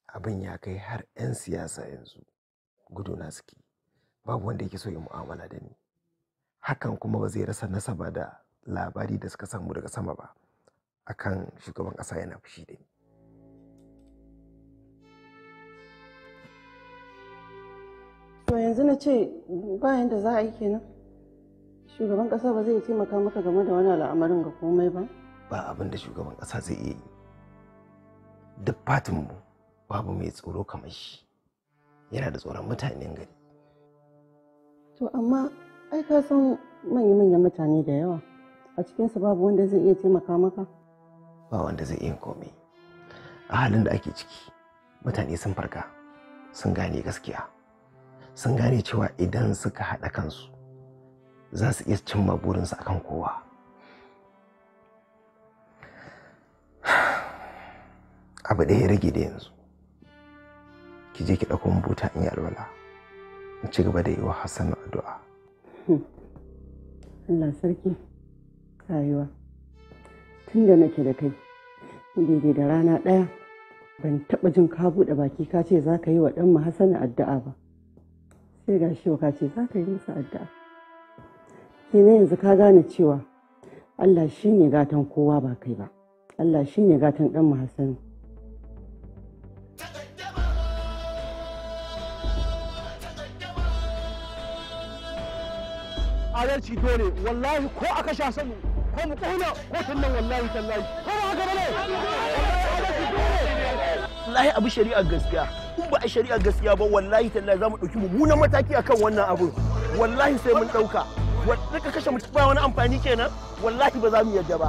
abin ya kai har 'yan siyasa yanzu gudu na suke babu wanda yake so ya mu'amala da ni hakan kuma ba zai rasa nasaba da labari da suka samu daga sama ba akan shugaban ƙasa yana fushi da ni to yanzu na ce bayan da za a yi kenan shugaban ƙasa ba zai taimaka maka game da wani al'amarin ga komai ba ba abin da shugaban ƙasa zai iya yi duk fatinmu babu mai tsoro kamar shi yana da tsoron mutanen gari To amma ai ka san manya-manyan mutane da yawa a cikinsu babu wanda zai iya taimaka maka? Ba wanda zai iya komai. A halin da ake ciki mutane sun farka sun gane gaskiya. Sun gane cewa idan suka haɗa kansu za su iya cimma burinsu akan kowa. Abu ɗaya ya rage da yanzu. Ki je ki ɗauko buta in yi alwala. in ci gaba da yi wa Hassan addu'a. Hmm. Allah sarki rayuwa tun da nake da kai daidai da rana ɗaya ban taɓa jin ka buɗe baki ka ce za ka yi wa ɗan Hassan addu'a ba sai ga shi ka ce za ka yi masa addu'a na yanzu ka gane cewa Allah shi ne gatan kowa ba kai ba Allah shi ne gatan ɗan Hassan. adalci dole wallahi ko a kasha sanu ko mu kona ko tunan wallahi tallahi ko ba haka bane wallahi abu shari'a gaskiya in ba a shari'a gaskiya ba wallahi tallahi za mu ɗauki mummunan mataki akan wannan abu wallahi sai mun dauka wanda ka kashe mutum ba wani amfani kenan wallahi ba za mu yarda ba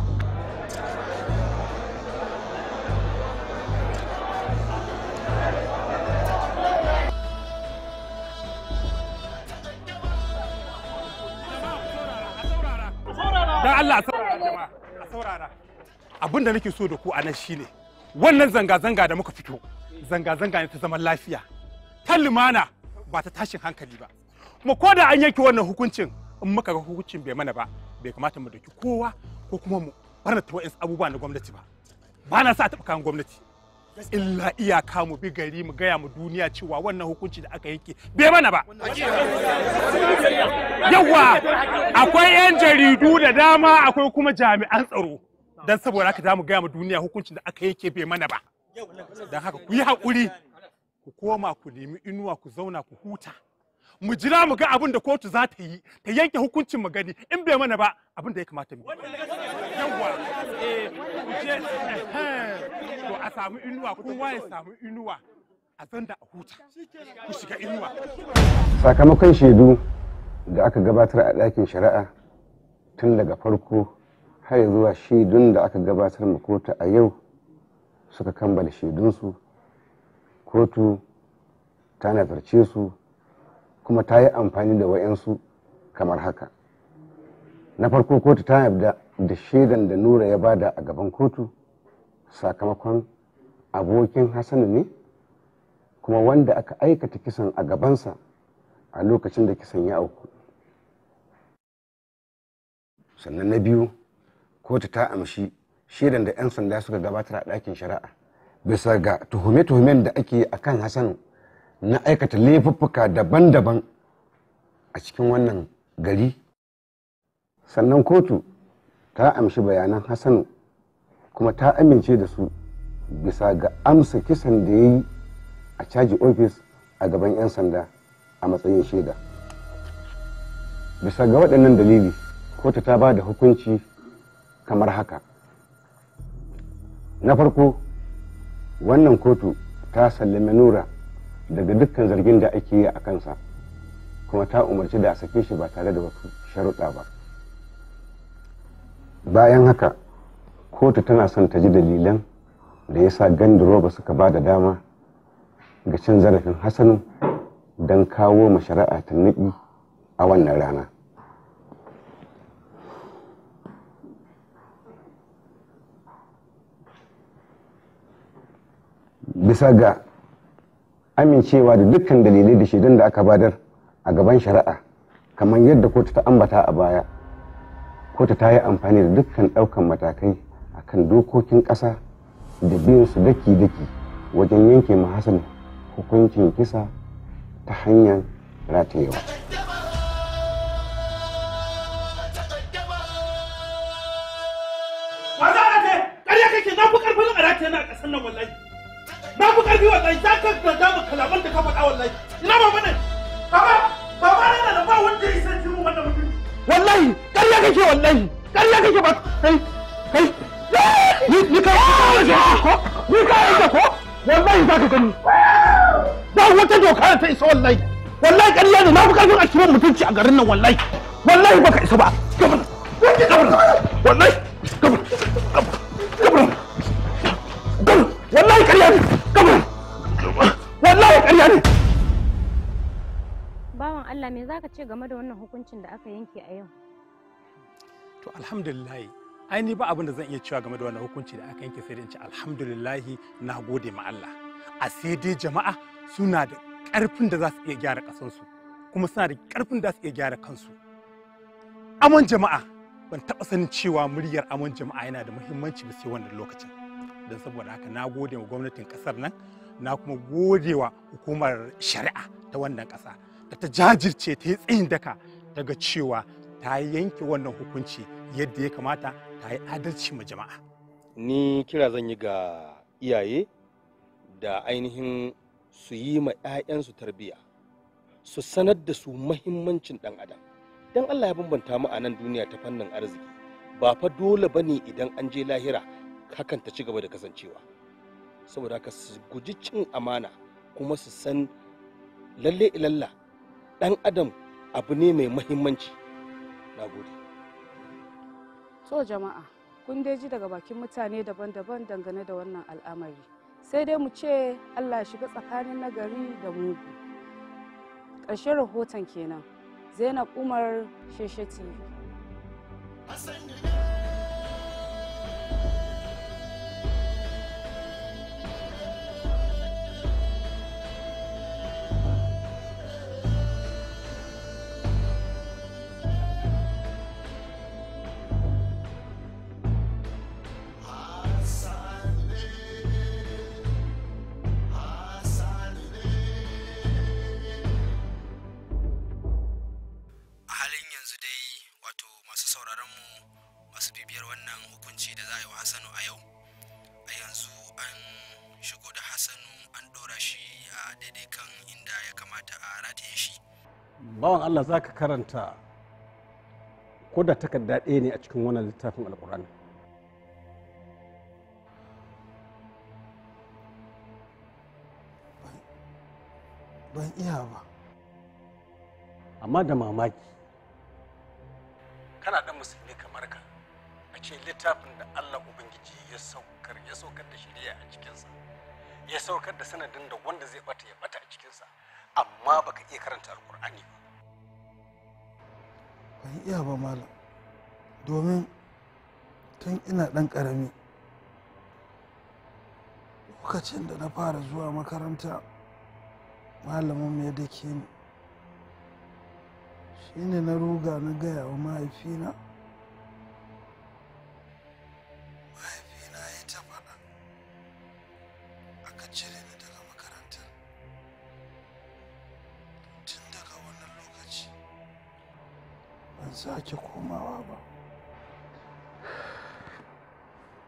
dan Allah a saurara abin da nake so da ku a nan shine wannan zanga-zanga da muka fito zanga-zanga ne ta zaman lafiya ta lumana ba ta tashin hankali ba kuma ko da an yanke wannan hukuncin in muka ga hukuncin bai mana ba bai kamata mu dauki kowa ko kuma mu ta wa'insu abubuwa na gwamnati ba ba na sa taɓa kayan gwamnati illa iyaka mu bi gari mu gaya mu duniya cewa wannan hukunci da aka yanke bai mana ba yawa akwai 'yan jaridu da dama akwai kuma jami'an tsaro dan saboda haka za mu gaya mu duniya hukuncin da aka yanke bai mana ba don haka ku yi haƙuri ku koma ku nemi inuwa ku zauna ku huta mu jira mu ga abin da kotu za ta yi ta yanke hukuncin mu gani in bai mana ba abin da ya kamata mu yawa eh, to a samu inuwa kowa ya samu inuwa a san da a huta ku shiga inuwa sakamakon shaidu da aka gabatar a ɗakin shari'a tun daga farko har zuwa shaidun da aka gabatar ma kotu a yau suka kammala shaidunsu kotu ta nazarce su kuma ta yi amfani da wa'yansu kamar haka na farko kotu ta yarda da shaidan da nura ya bada a gaban kotu sakamakon abokin hassanu ne kuma wanda aka aikata kisan a gabansa a lokacin da kisan ya auku sannan na biyu kotu ta amshi shaidan da 'yan sanda suka gabatar a ɗakin shari'a bisa ga tuhume-tuhumen da ake a kan na aikata laifuffuka daban-daban a cikin wannan gari sannan kotu ta amshi bayanan hassanu kuma ta amince da su bisa ga amsa kisan da ya yi a caji ofis a gaban 'yan sanda a matsayin shaida bisa ga waɗannan dalili kotu ta ba da hukunci kamar haka na farko wannan kotu ta sallame nura daga dukkan zargin da ake yi a kansa kuma ta umarci da a sake shi ba tare da wasu sharuɗa ba bayan haka kotu tana son ta ji dalilan da ya sa ba suka ba da dama ga cin zarafin hasanu don kawo ma shari'a ta niƙi a wannan rana bisa ga amincewa da dukkan dalilai da shaidan da aka badar a gaban shari'a kamar yadda kotu ta ambata a baya kotu ta yi amfani da dukkan ɗaukan matakai a kan dokokin ƙasa da biyan su daki-daki wajen yanke mahasan hukuncin kisa ta hanyar ratayewa. karfi wallahi za ka da mu kalaman da ka faɗa wallahi ina ba bane baba baba na da ba wanda ya san jimu wannan mutum wallahi ƙarya kake wallahi ƙarya kake ba kai kai ni ni ka ko ni ka yi ko wallahi za ka gani da wata doka ta isa wallahi wallahi ƙarya ne na fi karfin a kiwon mutunci a garin nan wallahi wallahi baka isa ba wallahi gabana wallahi gabana wallahi ƙarya ne wallahi ƙarya bawan Allah me zaka ce game da wannan hukuncin da aka yanke a yau to alhamdulillah ai ni ba abin da zan iya cewa game da wannan hukunci da aka yanke sai dai in ce alhamdulillah na gode ma Allah a sai dai jama'a suna da ƙarfin da za su iya gyara ƙasarsu kuma suna da ƙarfin da za su iya gyara kansu amon jama'a ban taɓa sanin cewa muryar amon jama'a yana da muhimmanci ba sai wannan lokacin don saboda haka na gode wa gwamnatin ƙasar nan na kuma godewa hukumar shari'a ta wannan ƙasa da ta jajirce ta yi tsayin daka daga cewa ta yanke wannan hukunci yadda ya kamata ta yi adalci ma jama'a ni kira zan yi ga iyaye da ainihin su yi ma 'ya'yansu tarbiyya su sanar da su mahimmancin dan adam dan allah ya bambanta mu a nan duniya ta fannin arziki ba fa dole bane idan an je lahira hakan ta ci gaba da kasancewa saboda haka su guji cin amana kuma su san lalle ilalla dan adam abu ne mai mahimmanci na gode so jama'a kun dai ji daga bakin mutane daban-daban dangane da wannan al'amari sai dai mu ce allah shiga tsakanin nagari da mugu ƙarshen rahoton kenan zainab umar sheshe tv bawan allah za ka karanta ko da takarda ɗaya ne a cikin wannan littafin alƙur'ani ban iya ba amma da mamaki kana ɗan musulmi kamar ka a ce littafin da allah ubangiji ya saukar ya saukar da shirya a cikinsa ya saukar da sanadin da wanda zai bata ya bata a cikinsa amma baka iya karanta alkur'ani ba ban iya ba malam domin tun ina ɗan ƙarami lokacin da na fara zuwa makaranta malamin ya dake ni shine na ruga na gaya wa mahaifina sake komawa ba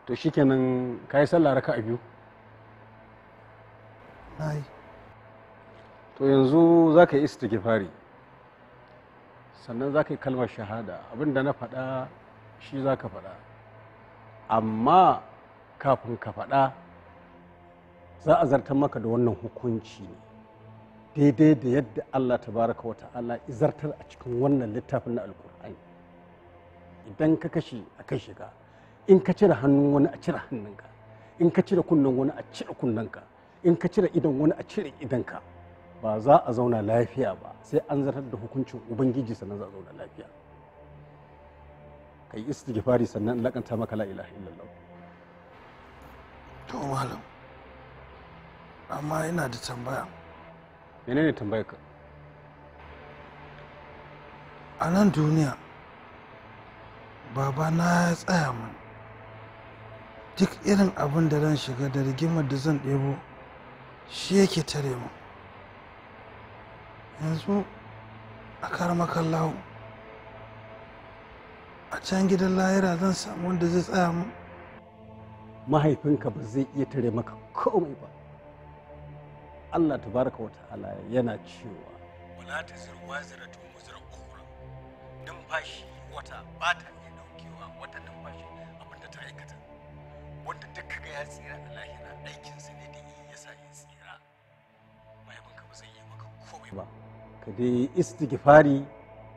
to shikenan ka yi sallah raka a biyu na to yanzu za ka yi istighfari sannan za ka yi kalmar shahada abinda na faɗa shi za ka faɗa amma kafin ka faɗa za a zartar maka da wannan hukunci ne daidai da yadda Allah Ta baraka wata allah izartar a cikin wannan littafin na alkur'ani idan ka kashe a kai shiga in ka cire hannun wani a cire hannunka in ka cire kunnen wani a cire kunnenka in ka cire idan wani a cire idanka ba za a zauna lafiya ba sai an zartar da hukuncin ubangiji sannan za a zauna lafiya kai istighfari sannan lakanta maka la ilaha illallah to malam amma ina da tambaya menene tambayar ka a nan duniya baba na ya tsaya min duk irin abin da zan shiga da rigimar da zan ɗebo shi yake tare mu yanzu a karmakan lahu a can gidan lahira zan samu wanda zai tsaya mu mahaifinka ba zai iya tare maka komai ba Allah tabaraka wa ta'ala yana cewa wala taziru waziratun wuzra ukhra numfashi wata ba ta iya daukewa wata numfashi abin da ta aikata wanda duk kaga ya tsira a lahira aikin sa ne da ya sa ya tsira mahaifinka ba zai yi maka komai ba ka dai istighfari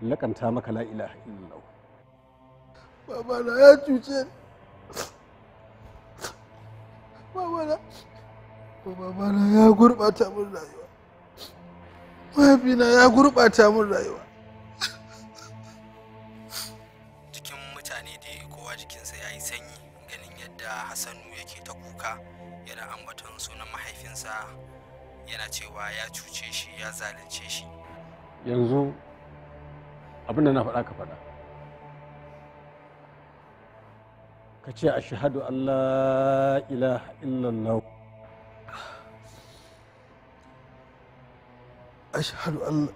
lakanta maka la ilaha illallah babana ya cuce babana babana ya gurɓata min rayuwa mahaifina ya gurɓata min rayuwa cikin mutane da kowa jikinsa ya yi sanyi ganin yadda hassanu yake ta kuka yana ambaton sunan mahaifinsa yana cewa ya cuce shi ya zalunce shi yanzu abin da na faɗa ka faɗa ka ce a shahadu allah ilaha illallah أشهد أن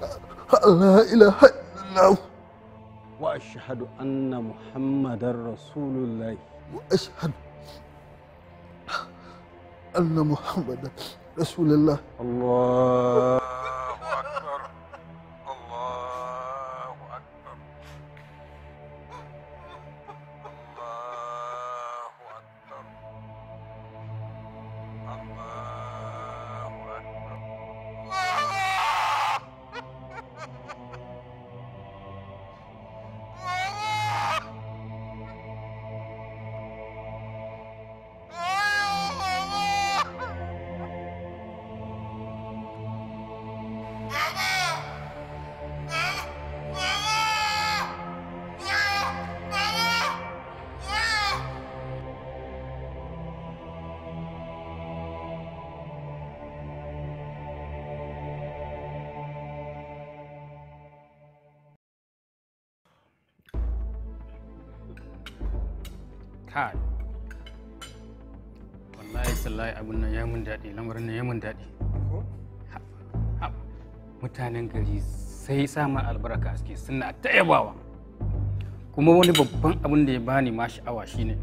لا إله إلا الله وأشهد أن محمدا رسول الله وأشهد أن محمدا رسول الله الله kai wallahi abin mutanen gari sai samun albarka suke suna ta yabawa kuma wani babban abin da ya bani ma sha'awa shine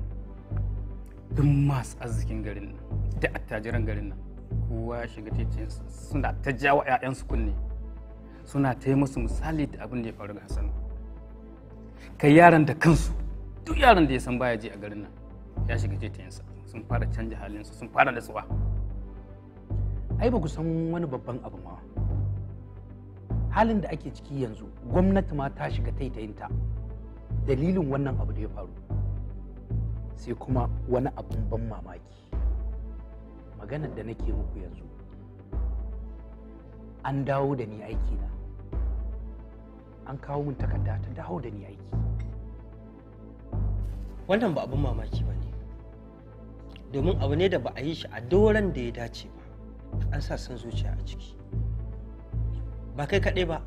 duk masu arzikin garin nan da attajiran garin nan kowa ya shiga titin suna ta jawa 'ya'yansu kunne suna ta yi musu misali da abin da ya faru ga Hassan kai yaran da kansu duk yaron da ya san baya je a garin nan ya shiga jetayensa sun fara canja halinsu sun fara nasuwa ai ba ku san wani babban abu ma halin da ake ciki yanzu gwamnati ma ta shiga taitayinta dalilin wannan abu da ya faru sai kuma wani abun ban mamaki maganar da nake muku yanzu an dawo da ni aiki na an kawo min takarda ta dawo da ni aiki wannan ba abin mamaki ba ne domin abu ne da ba a yi shi a doron da ya dace ba an sa son zuciya a ciki ba kai kaɗai ba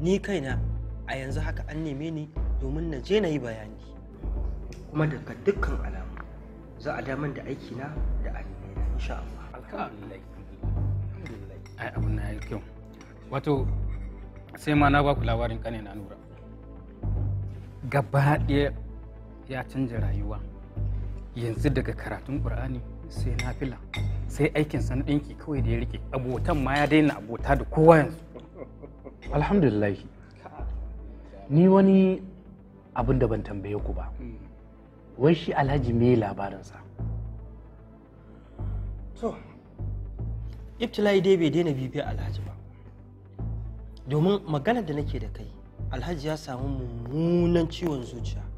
ni kaina a yanzu haka an neme ni domin na je na yi bayani kuma daga dukkan alamu za a damar da aikina da alimai na insha Allah alhamdulillah ai na yi kyau wato sai ma na ba ku labarin kane na nura gaba ɗaya ya canza rayuwa yanzu daga karatun ƙur'ani sai na fila sai aikin na ɗinki kawai da ya rike abotan ma ya daina abota da kowa yanzu alhamdulillah ni wani abin da ban tambaye ku ba hmm. wai shi alhaji me labarinsa to iftila'i dai bai daina bibiya alhaji ba domin maganar da nake da kai alhaji ya samu mummunan ciwon zuciya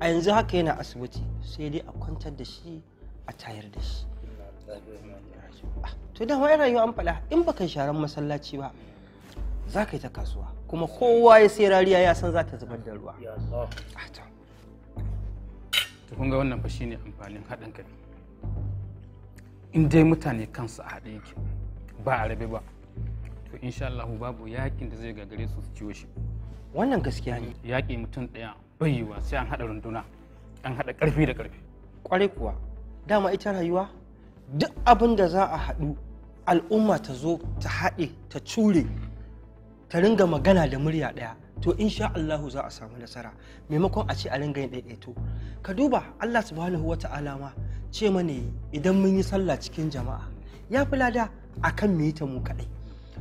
a yanzu haka yana asibiti sai dai a kwantar da shi a tayar da shi ah, to da yana rayuwa an fada in baka sharan masallaci ba za ka yi ta kasuwa kuma kowa ya sai rariya ya san za ta zubar da ruwa ah, ta kunga ga wannan fa shine amfanin haɗin kai in dai mutane kansu a haɗe yake ba a rabe ba to insha Allah babu yakin da zai gagare su su ciwo shi wannan gaskiya ne yaƙi mutum ɗaya bai sai an haɗa runduna an haɗa ƙarfi da ƙarfi ƙwarai kuwa dama ita rayuwa duk abin da za a haɗu al'umma ta zo ta haɗe ta cure ta ringa magana da murya ɗaya to insha Allahu za a samu nasara maimakon a ce a ringa yin ɗaiɗaito ka duba Allah subhanahu wa ta'ala ma ce mana idan mun yi sallah cikin jama'a ya fi lada akan mu yi ta mu kaɗai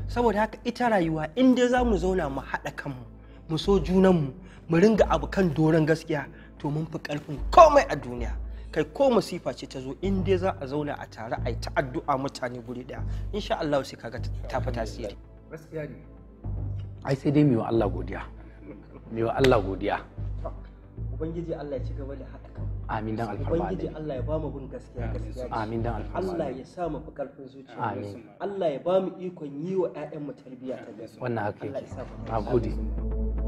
saboda haka ita rayuwa in dai za mu zauna mu haɗa kanmu mu so junanmu mu ringa abu kan doron gaskiya to mun fi ƙarfin komai a duniya kai ko masifa ce ta zo in dai za a zauna a tare a yi ta addu'a mutane guri daya insha Allah sai kaga ta fi tasiri gaskiya ne ai sai dai miwa Allah godiya miwa Allah godiya ubangiji Allah ya ci gaba da haɗa amin dan alfarma ubangiji Allah ya bamu gun gaskiya gaskiya amin dan alfarma Allah ya sa mu fi karfin zuciya amin Allah ya bamu ikon yi wa ƴaƴan mu tarbiyya ta gaskiya wannan haka yake nagode